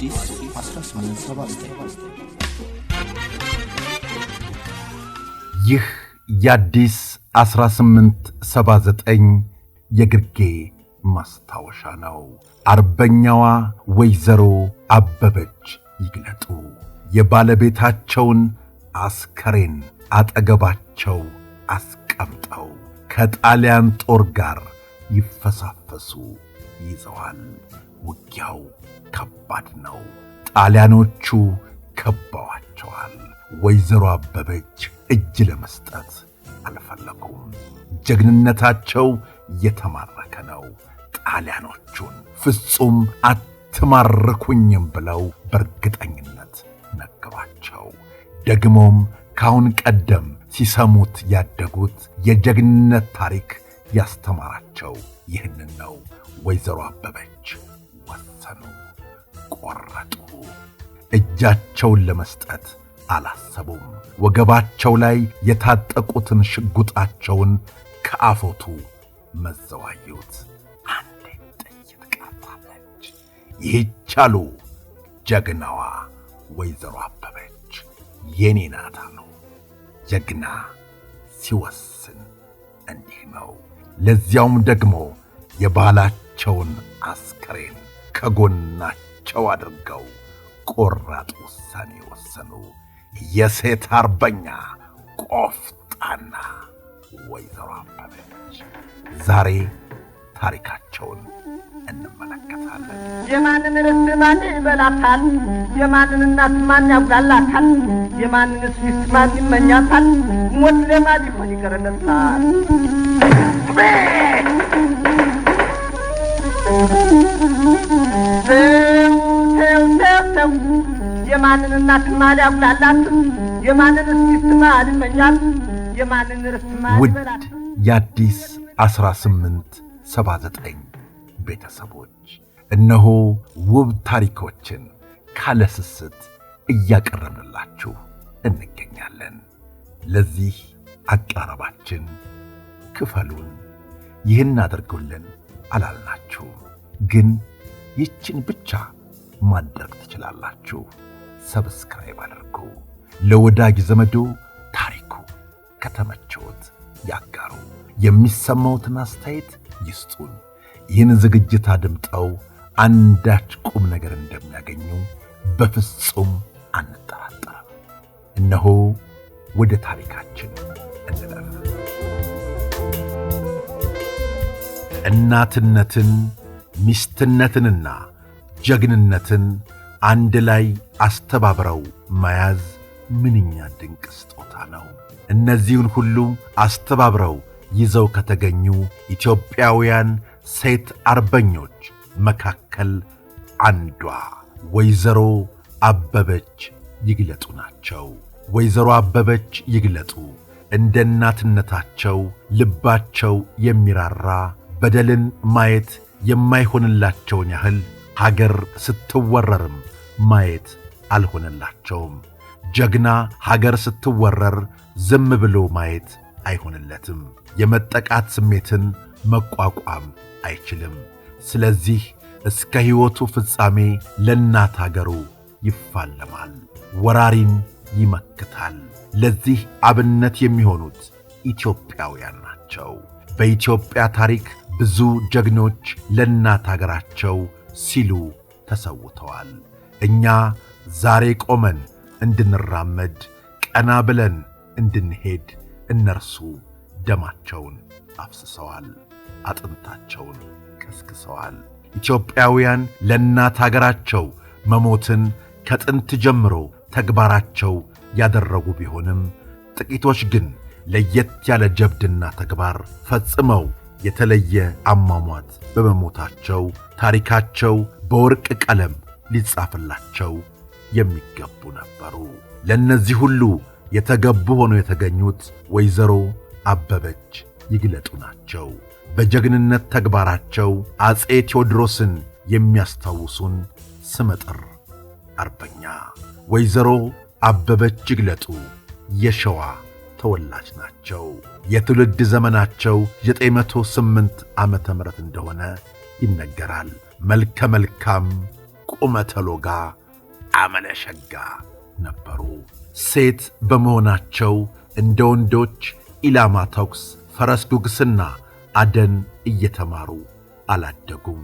አዲስ 1879 ይህ የአዲስ 1879 የግርጌ ማስታወሻ ነው። አርበኛዋ ወይዘሮ አበበች ይግለጡ የባለቤታቸውን አስከሬን አጠገባቸው አስቀምጠው ከጣሊያን ጦር ጋር ይፈሳፈሱ ይዘዋል። ውጊያው ከባድ ነው። ጣሊያኖቹ ከበዋቸዋል። ወይዘሮ አበበች እጅ ለመስጠት አልፈለጉም። ጀግንነታቸው የተማረከ ነው። ጣሊያኖቹን ፍጹም አትማርኩኝም ብለው በእርግጠኝነት ነገሯቸው። ደግሞም ከአሁን ቀደም ሲሰሙት ያደጉት የጀግንነት ታሪክ ያስተማራቸው ይህንን ነው። ወይዘሮ አበበች ወሰኑ። ቆረጡ። እጃቸውን ለመስጠት አላሰቡም። ወገባቸው ላይ የታጠቁትን ሽጉጣቸውን ከአፎቱ መዘዋዩት። አንዴ ጥይት ቀርታለች። ይህቻሉ አሉ ጀግናዋ ወይዘሮ አበበች የኔ ናት አሉ። ጀግና ሲወስን እንዲህ ነው። ለዚያውም ደግሞ የባላቸውን አስከሬን ከጎናቸው ጨው አድርገው ቆራጥ ውሳኔ የወሰኑ የሴት አርበኛ ቆፍጣና ወይዘሮ አበበች ዛሬ ታሪካቸውን እንመለከታለን። የማንን ርስት ማን ይበላታል? የማንን እናት ማን ያጉላላታል? የማንንስ ሚስት ማን ይመኛታል? ሞት ለማን ሊሆን ይቀርለታል? ነው የማንን እናትማ ሊያጉላላት የማንን የማንን የአዲስ ቤተሰቦች እነሆ ውብ ታሪኮችን ካለስስት እያቀረብንላችሁ እንገኛለን። ለዚህ አቀራረባችን ክፈሉን፣ ይህን አድርጉልን አላልናችሁ፣ ግን ይችን ብቻ ማድረግ ትችላላችሁ። ሰብስክራይብ አድርጉ። ለወዳጅ ዘመዶ ታሪኩ ከተመቸዎት ያጋሩ። የሚሰማዎትን አስተያየት ይስጡን። ይህን ዝግጅት አድምጠው አንዳች ቁም ነገር እንደሚያገኙ በፍጹም አንጠራጠርም። እነሆ ወደ ታሪካችን እንለፍ። እናትነትን ሚስትነትንና ጀግንነትን አንድ ላይ አስተባብረው መያዝ ምንኛ ድንቅ ስጦታ ነው! እነዚህን ሁሉ አስተባብረው ይዘው ከተገኙ ኢትዮጵያውያን ሴት አርበኞች መካከል አንዷ ወይዘሮ አበበች ይግለጡ ናቸው። ወይዘሮ አበበች ይግለጡ እንደ እናትነታቸው ልባቸው የሚራራ በደልን ማየት የማይሆንላቸውን ያህል ሀገር ስትወረርም ማየት አልሆነላቸውም። ጀግና ሀገር ስትወረር ዝም ብሎ ማየት አይሆንለትም። የመጠቃት ስሜትን መቋቋም አይችልም። ስለዚህ እስከ ሕይወቱ ፍጻሜ ለእናት አገሩ ይፋለማል፣ ወራሪን ይመክታል። ለዚህ አብነት የሚሆኑት ኢትዮጵያውያን ናቸው። በኢትዮጵያ ታሪክ ብዙ ጀግኖች ለእናት አገራቸው ሲሉ ተሰውተዋል። እኛ ዛሬ ቆመን እንድንራመድ፣ ቀና ብለን እንድንሄድ እነርሱ ደማቸውን አፍስሰዋል፣ አጥንታቸውን ከስክሰዋል። ኢትዮጵያውያን ለእናት አገራቸው መሞትን ከጥንት ጀምሮ ተግባራቸው ያደረጉ ቢሆንም ጥቂቶች ግን ለየት ያለ ጀብድና ተግባር ፈጽመው የተለየ አሟሟት በመሞታቸው ታሪካቸው በወርቅ ቀለም ሊጻፍላቸው የሚገቡ ነበሩ። ለእነዚህ ሁሉ የተገቡ ሆነው የተገኙት ወይዘሮ አበበች ይግለጡ ናቸው። በጀግንነት ተግባራቸው አፄ ቴዎድሮስን የሚያስታውሱን ስመጥር አርበኛ ወይዘሮ አበበች ይግለጡ የሸዋ ተወላጅ ናቸው። የትውልድ ዘመናቸው 908 ዓመተ ምህረት እንደሆነ ይነገራል። መልከ መልካም፣ ቁመተ ሎጋ፣ አመለ ነበሩ። ሴት በመሆናቸው እንደ ወንዶች ኢላማ ተኩስ፣ ፈረስ ጉግስና፣ አደን እየተማሩ አላደጉም።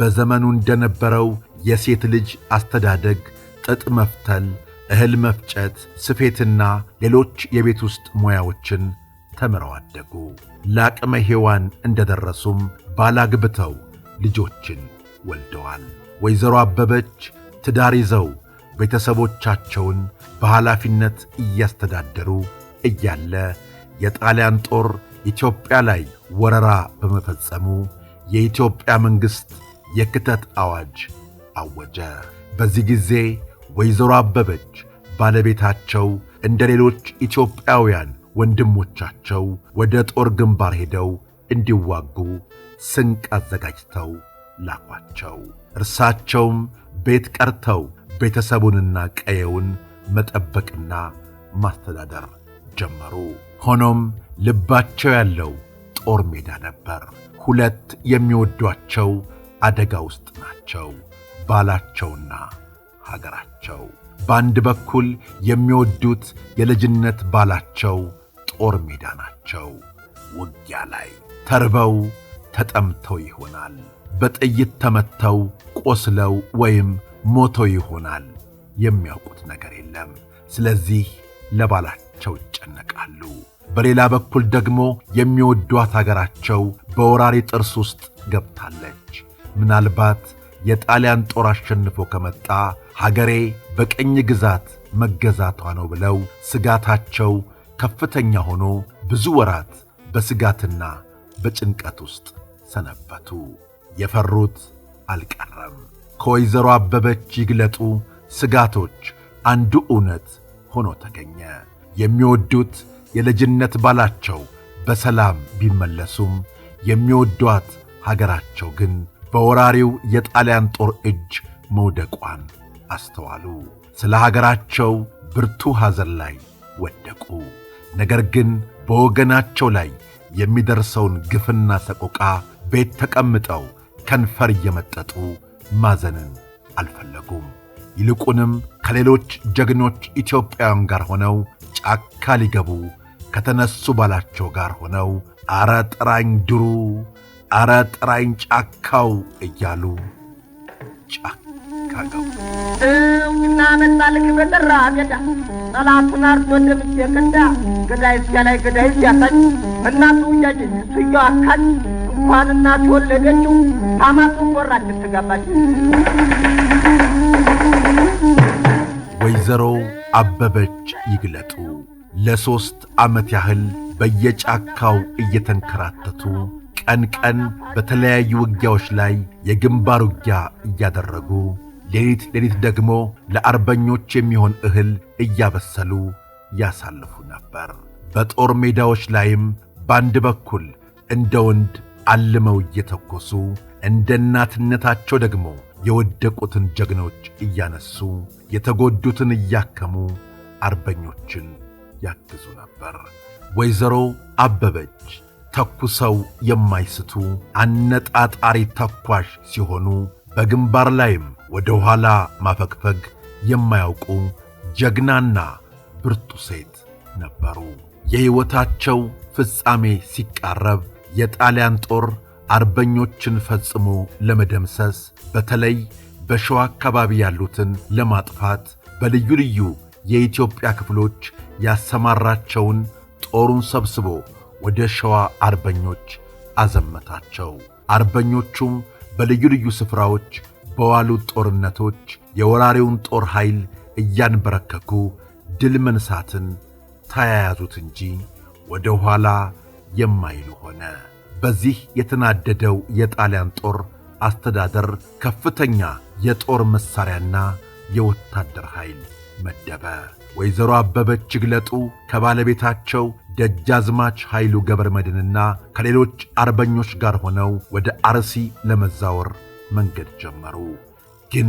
በዘመኑ እንደነበረው የሴት ልጅ አስተዳደግ ጥጥ መፍተል እህል መፍጨት፣ ስፌትና ሌሎች የቤት ውስጥ ሙያዎችን ተምረው አደጉ። ለአቅመ ሔዋን እንደደረሱም ባላግብተው ልጆችን ወልደዋል። ወይዘሮ አበበች ትዳር ይዘው ቤተሰቦቻቸውን በኃላፊነት እያስተዳደሩ እያለ የጣሊያን ጦር ኢትዮጵያ ላይ ወረራ በመፈጸሙ የኢትዮጵያ መንግሥት የክተት አዋጅ አወጀ። በዚህ ጊዜ ወይዘሮ አበበች ባለቤታቸው እንደ ሌሎች ኢትዮጵያውያን ወንድሞቻቸው ወደ ጦር ግንባር ሄደው እንዲዋጉ ስንቅ አዘጋጅተው ላኳቸው። እርሳቸውም ቤት ቀርተው ቤተሰቡንና ቀየውን መጠበቅና ማስተዳደር ጀመሩ። ሆኖም ልባቸው ያለው ጦር ሜዳ ነበር። ሁለት የሚወዷቸው አደጋ ውስጥ ናቸው፣ ባላቸውና ሀገራቸው። በአንድ በኩል የሚወዱት የልጅነት ባላቸው ጦር ሜዳ ናቸው። ውጊያ ላይ ተርበው ተጠምተው ይሆናል። በጥይት ተመተው ቆስለው ወይም ሞተው ይሆናል። የሚያውቁት ነገር የለም። ስለዚህ ለባላቸው ይጨነቃሉ። በሌላ በኩል ደግሞ የሚወዷት አገራቸው በወራሪ ጥርስ ውስጥ ገብታለች። ምናልባት የጣሊያን ጦር አሸንፎ ከመጣ ሀገሬ በቅኝ ግዛት መገዛቷ ነው ብለው ስጋታቸው ከፍተኛ ሆኖ ብዙ ወራት በስጋትና በጭንቀት ውስጥ ሰነበቱ። የፈሩት አልቀረም። ከወይዘሮ አበበች ይግለጡ ስጋቶች አንዱ እውነት ሆኖ ተገኘ። የሚወዱት የልጅነት ባላቸው በሰላም ቢመለሱም የሚወዷት ሀገራቸው ግን በወራሪው የጣሊያን ጦር እጅ መውደቋን አስተዋሉ። ስለ ሀገራቸው ብርቱ ሐዘን ላይ ወደቁ። ነገር ግን በወገናቸው ላይ የሚደርሰውን ግፍና ሰቆቃ ቤት ተቀምጠው ከንፈር እየመጠጡ ማዘንን አልፈለጉም። ይልቁንም ከሌሎች ጀግኖች ኢትዮጵያውያን ጋር ሆነው ጫካ ሊገቡ ከተነሱ ባላቸው ጋር ሆነው አረ ጥራኝ ድሩ፣ አረ ጥራኝ ጫካው እያሉ ጫካ እና መጣል በጠራ ገዳ ጠላቱን አርዶ ደምቼ ገዳ ገዳይ እዚያ ላይ ገዳይ እዚያ ታች እናቱ እያጅ ስያው አካች እንኳን እናት ወለደችው ታማቱን ወራ ትጋባች። ወይዘሮ አበበች ይግለጡ ለሦስት ዓመት ያህል በየጫካው እየተንከራተቱ ቀን ቀን በተለያዩ ውጊያዎች ላይ የግንባር ውጊያ እያደረጉ ሌሊት ሌሊት ደግሞ ለአርበኞች የሚሆን እህል እያበሰሉ ያሳልፉ ነበር። በጦር ሜዳዎች ላይም በአንድ በኩል እንደ ወንድ አልመው እየተኮሱ እንደ እናትነታቸው ደግሞ የወደቁትን ጀግኖች እያነሱ የተጎዱትን እያከሙ አርበኞችን ያግዙ ነበር። ወይዘሮ አበበች ተኩሰው የማይስቱ አነጣጣሪ ተኳሽ ሲሆኑ በግንባር ላይም ወደ ኋላ ማፈግፈግ የማያውቁ ጀግናና ብርቱ ሴት ነበሩ። የሕይወታቸው ፍጻሜ ሲቃረብ የጣሊያን ጦር አርበኞችን ፈጽሞ ለመደምሰስ በተለይ በሸዋ አካባቢ ያሉትን ለማጥፋት በልዩ ልዩ የኢትዮጵያ ክፍሎች ያሰማራቸውን ጦሩን ሰብስቦ ወደ ሸዋ አርበኞች አዘመታቸው። አርበኞቹም በልዩ ልዩ ስፍራዎች በዋሉት ጦርነቶች የወራሪውን ጦር ኃይል እያንበረከኩ ድል መንሳትን ተያያዙት እንጂ ወደ ኋላ የማይሉ ሆነ። በዚህ የተናደደው የጣሊያን ጦር አስተዳደር ከፍተኛ የጦር መሣሪያና የወታደር ኃይል መደበ። ወይዘሮ አበበች ይግለጡ ከባለቤታቸው ደጃዝማች ኃይሉ ገብረ መድንና ከሌሎች አርበኞች ጋር ሆነው ወደ አርሲ ለመዛወር መንገድ ጀመሩ። ግን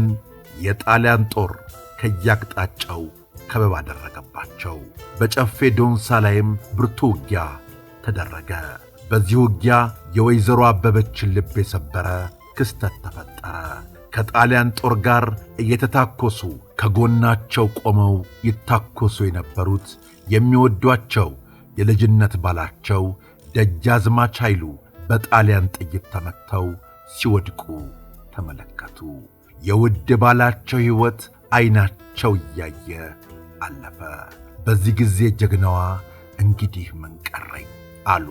የጣሊያን ጦር ከያቅጣጫው ከበባ አደረገባቸው። በጨፌ ዶንሳ ላይም ብርቱ ውጊያ ተደረገ። በዚህ ውጊያ የወይዘሮ አበበችን ልብ የሰበረ ክስተት ተፈጠረ። ከጣሊያን ጦር ጋር እየተታኮሱ ከጎናቸው ቆመው ይታኮሱ የነበሩት የሚወዷቸው የልጅነት ባላቸው ደጃዝማች ኃይሉ በጣሊያን ጥይት ተመትተው ሲወድቁ ተመለከቱ። የውድ ባላቸው ሕይወት ዐይናቸው እያየ አለፈ። በዚህ ጊዜ ጀግናዋ እንግዲህ ምን ቀረኝ አሉ።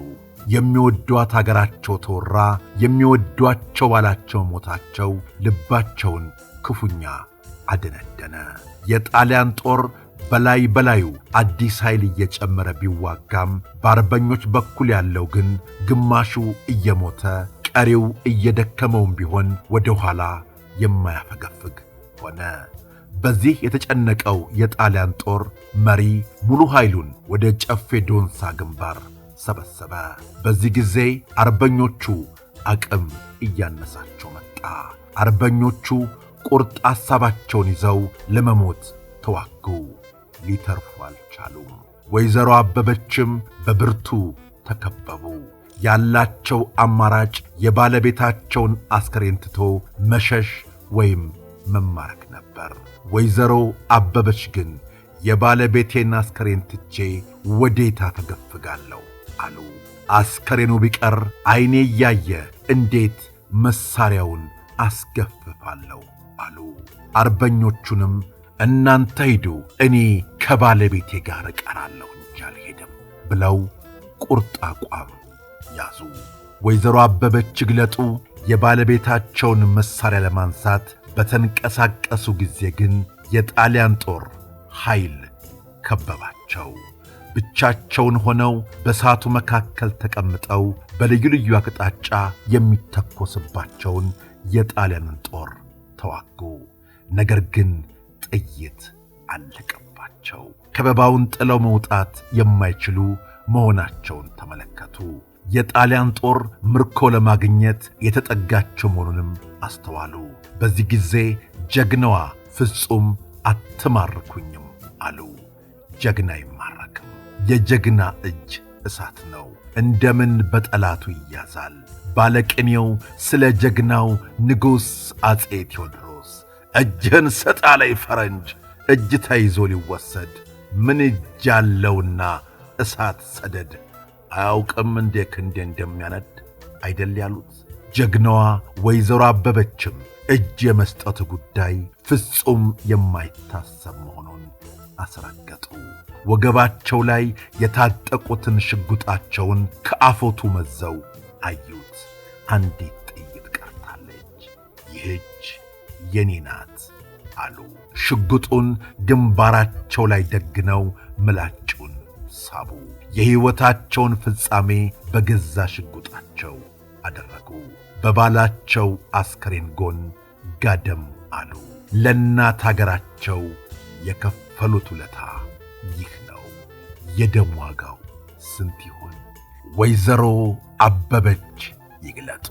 የሚወዷት አገራቸው ተወራ፣ የሚወዷቸው ባላቸው ሞታቸው ልባቸውን ክፉኛ አደነደነ። የጣሊያን ጦር በላይ በላዩ አዲስ ኃይል እየጨመረ ቢዋጋም በአርበኞች በኩል ያለው ግን ግማሹ እየሞተ ፈጣሪው እየደከመውም ቢሆን ወደ ኋላ የማያፈገፍግ ሆነ። በዚህ የተጨነቀው የጣሊያን ጦር መሪ ሙሉ ኃይሉን ወደ ጨፌ ዶንሳ ግንባር ሰበሰበ። በዚህ ጊዜ አርበኞቹ አቅም እያነሳቸው መጣ። አርበኞቹ ቁርጥ ሐሳባቸውን ይዘው ለመሞት ተዋጉ። ሊተርፉ አልቻሉም። ወይዘሮ አበበችም በብርቱ ተከበቡ። ያላቸው አማራጭ የባለቤታቸውን አስከሬን ትቶ መሸሽ ወይም መማረክ ነበር። ወይዘሮ አበበች ግን የባለቤቴን አስከሬን ትቼ ወዴታ ተገፍጋለሁ አሉ። አስከሬኑ ቢቀር ዐይኔ እያየ እንዴት መሣሪያውን አስገፍፋለሁ አሉ። አርበኞቹንም እናንተ ሂዱ፣ እኔ ከባለቤቴ ጋር እቀራለሁ እንጂ አልሄድም ብለው ቁርጥ አቋም ያዙ። ወይዘሮ አበበች ግለጡ የባለቤታቸውን መሣሪያ ለማንሳት በተንቀሳቀሱ ጊዜ ግን የጣሊያን ጦር ኃይል ከበባቸው። ብቻቸውን ሆነው በእሳቱ መካከል ተቀምጠው በልዩ ልዩ አቅጣጫ የሚተኮስባቸውን የጣሊያንን ጦር ተዋጉ። ነገር ግን ጥይት አለቀባቸው። ከበባውን ጥለው መውጣት የማይችሉ መሆናቸውን ተመለከቱ። የጣሊያን ጦር ምርኮ ለማግኘት የተጠጋቸው መሆኑንም አስተዋሉ። በዚህ ጊዜ ጀግናዋ ፍጹም አትማርኩኝም አሉ። ጀግና አይማረክም። የጀግና እጅ እሳት ነው። እንደምን በጠላቱ ይያዛል? ባለቅኔው ስለ ጀግናው ንጉሥ አጼ ቴዎድሮስ እጅህን ሰጣ ላይ ፈረንጅ፣ እጅ ተይዞ ሊወሰድ ምን እጅ አለውና እሳት ሰደድ አያውቅም እንዴ ክንዴ እንደሚያነድ አይደል ያሉት። ጀግናዋ ወይዘሮ አበበችም እጅ የመስጠት ጉዳይ ፍጹም የማይታሰብ መሆኑን አስረገጡ። ወገባቸው ላይ የታጠቁትን ሽጉጣቸውን ከአፎቱ መዘው አዩት። አንዲት ጥይት ቀርታለች። ይህች የኔ ናት አሉ። ሽጉጡን ግንባራቸው ላይ ደግነው ምላጩን ሳቡ። የሕይወታቸውን ፍጻሜ በገዛ ሽጉጣቸው አደረጉ። በባላቸው አስከሬን ጎን ጋደም አሉ። ለእናት አገራቸው የከፈሉት ውለታ ይህ ነው። የደም ዋጋው ስንት ይሆን? ወይዘሮ አበበች ይግለጡ።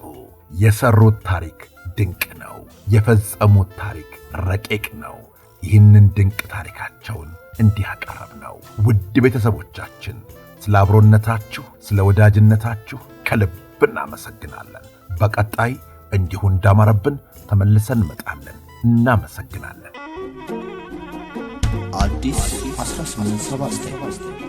የሠሩት ታሪክ ድንቅ ነው። የፈጸሙት ታሪክ ረቂቅ ነው። ይህንን ድንቅ ታሪካቸውን እንዲህ አቀረብ ነው። ውድ ቤተሰቦቻችን ስለ አብሮነታችሁ፣ ስለ ወዳጅነታችሁ ከልብ እናመሰግናለን። በቀጣይ እንዲሁ እንዳማረብን ተመልሰን እንመጣለን። እናመሰግናለን። አዲስ 1879